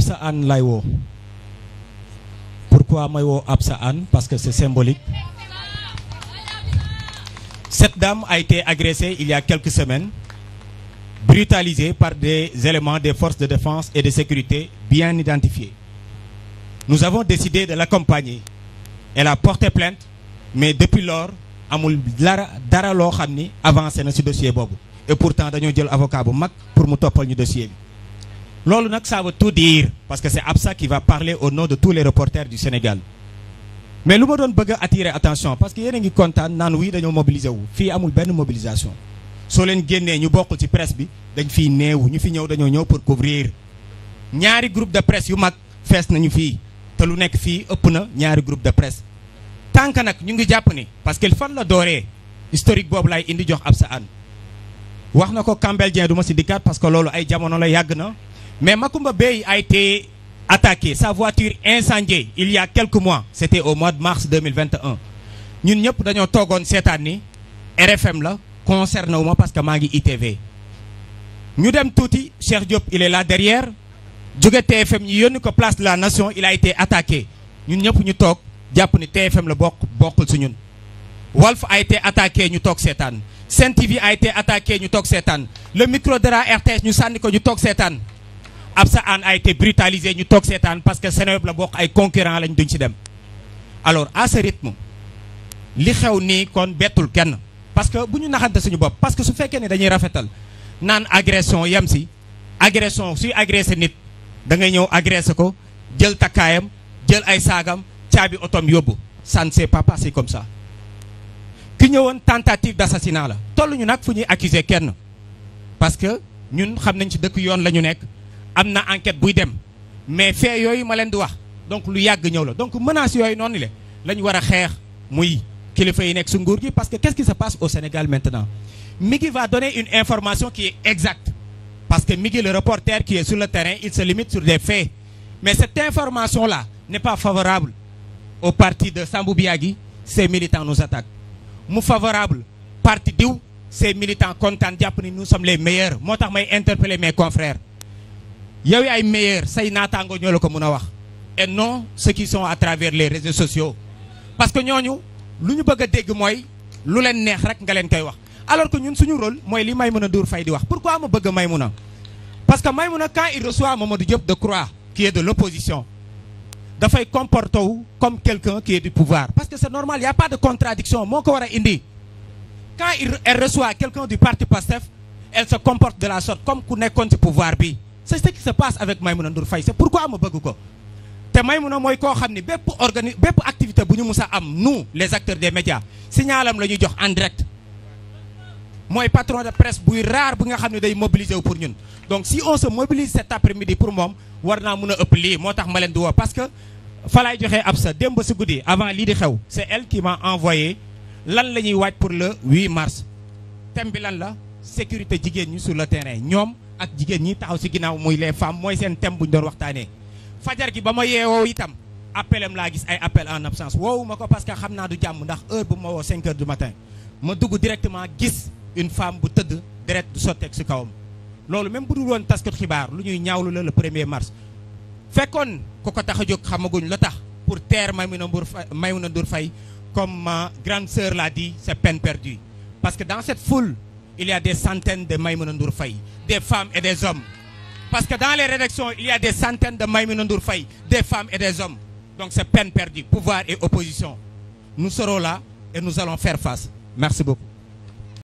sa Anne lay woo pourquoi may woo sa Anne parce que c'est symbolique cette dame a été agressée il y a quelques semaines brutalisée par des éléments des forces de défense et de sécurité bien identifiés nous avons décidé de l'accompagner elle a porté plainte mais depuis lors amul dara dara loo xam ni avancé na ci dossier boobu et pourtant dañoo jël avocat bu mag pour mu toppal ñu dossier bi loolu nag ça veut tout dire parce que c'est Absa qui va parler au nom de tous les reporters du Sénégal mais lu ma doon bëgg a attirer attention parce que yéen a ngi kontaan naan wii dañoo mobiliser wu fii amul benn mobilisation soo leen génnee ñu bokkul ci presse bi dañ fiy néew ñu fi ñëw dañoo ñëw pour couvrir ñaari groupe de presse yu mag fees nañu fii te lu nekk fii ëpp na ñaari groupe de presse tànk nag ñu ngi jàpp ni parce que fan la dooree historique boobu indi jox Absa Anne wax na ko Kambel Dieng du ma si dikkaat parce que loolu ay jamono la yàgg na Mais Makumba Bey a été attaqué, sa voiture incendiée il y a quelques mois. C'était au mois de mars 2021. Ñun ñëpp dañoo toogoon seetaan ni RFM la concerné wu ma parce que maa ngi ITV. ñu dem tuuti Cheikh Diop il est là derrière jóge TFM ñu yónni ko place de la nation il a été attaqué ñun ñëpp ñu toog jàpp ni TFM la bokk bokkul si ñun. Walf a été attaqué ñu toog seetaan Sen TV a été attaqué ñu toog seetaan le micro de la RTS ñu sànni ko ñu toog seetaan. Absa Anne a été brutalisé ñu toog seetaan parce que Seneweb la bokk ay concurrent lañ duñ ci dem alors à ce rythme li xew nii kon bettul kenn parce que bu ñu naxante suñu bopp parce que su fekkee ne rafetal naan agression yem si agression suy agressé nit da ngay ñëw agressé ko jël takkaayam jël ay saagam caabi otom yóbbu ça ne s'est pas passé comme ça ki ñëwoon tentative d'assassinat la toll ñu nag fu ñuy accuser kenn parce que ñun xam nañ ci dëkk yoon la ñu nekk am na enquête buy dem mais fee yooyu ma leen di wax donc lu yàgg ñëw la donc menaces yooyu noonu le la ñu war a xeex muy kilifa yi nekk su nguur gi parce que qu'est-ce qui se passe au Sénégal maintenant Migui va donner une information qui est exacte parce que Migui le reporter qui est sur le terrain il se limite sur des faits mais cette information là n'est pas favorable au parti de Sambou Biagui ces militants nous attaquent mu favorable parti diw ces militants kontaan jàpp ni nous sommes les moo tax may interpeller mes confrères yow yaay meilleur say naataango ñoo la ko mën a wax et non ceux qui sont à travers les réseaux sociaux parce que ñooñu lu ñu bëgg a dégg mooy lu leen neex rek nga leen koy wax alors que ñun suñu rôle mooy li may a Ndour fay di wax pourquoi ma bëgg Maïmouna parce que Maïmouna quand il reçoit Mamadou Diop Decroix qui est de l'opposition dafay comporté wu comme quelqu'un qui est du pouvoir parce que c'est normal il a pas de contradiction moo ko war a indi quand il elle reçoit parti PASTEF elle se comporte la comme ku nekkoon ci pouvoir bi c'est ce qui se passe avec Maïmouna Ndour Faye c'est pourquoi ma bëgg ko te a mooy koo xam ni bépp organi bépp activité bu ñu musa a am nous les acteurs des médias signalam la ñuy jox en direct mooy patron de presse buy rare bi nga xam ne day mobiliser pour ñun donc si on sa mobilise cet après-midi pour moom war naa mun a ëpp lii moo tax ma leen di woo parce que fa laay joxee ab sa démb si guddi avant lii di xew c'est elle qui m'a envoyé lan la ñuy waaj pour le 8 mars thème bi lan la sécurité jigéen ñi sur le terrain ñoom ak jigéen ñi taxaw si ginnaaw muy les femmes mooy seen thème bu ñu doon waxtaanee. fajar gi ba ma yeewoo itam appelam laa gis ay appel en absence woowu ma ko parce que xam naa du jàmm ndax heure bu ma woo 5 heures du matin ma dugg directement gis une femme bu tëdd deret du sotteeg si kawam. loolu même bu dul woon taskatu xibaar lu ñuy ñaawlu la le premier mars fekkoon ku ko tax a jóg xamaguñ la tax pour teer Maimouna Ndour Faye Maimouna Ndour Faye comme ma grande sœur l'a dit c'est peine que dans cette foule il y a des centaines de Maïmouna Ndour Faye des femmes et des hommes parce que dans les rédactions il y a des centaines de Maïmouna Ndour Faye des femmes et des hommes donc c'est peine perdue pouvoir et opposition nous serons là et nous allons faire face merci beaucoup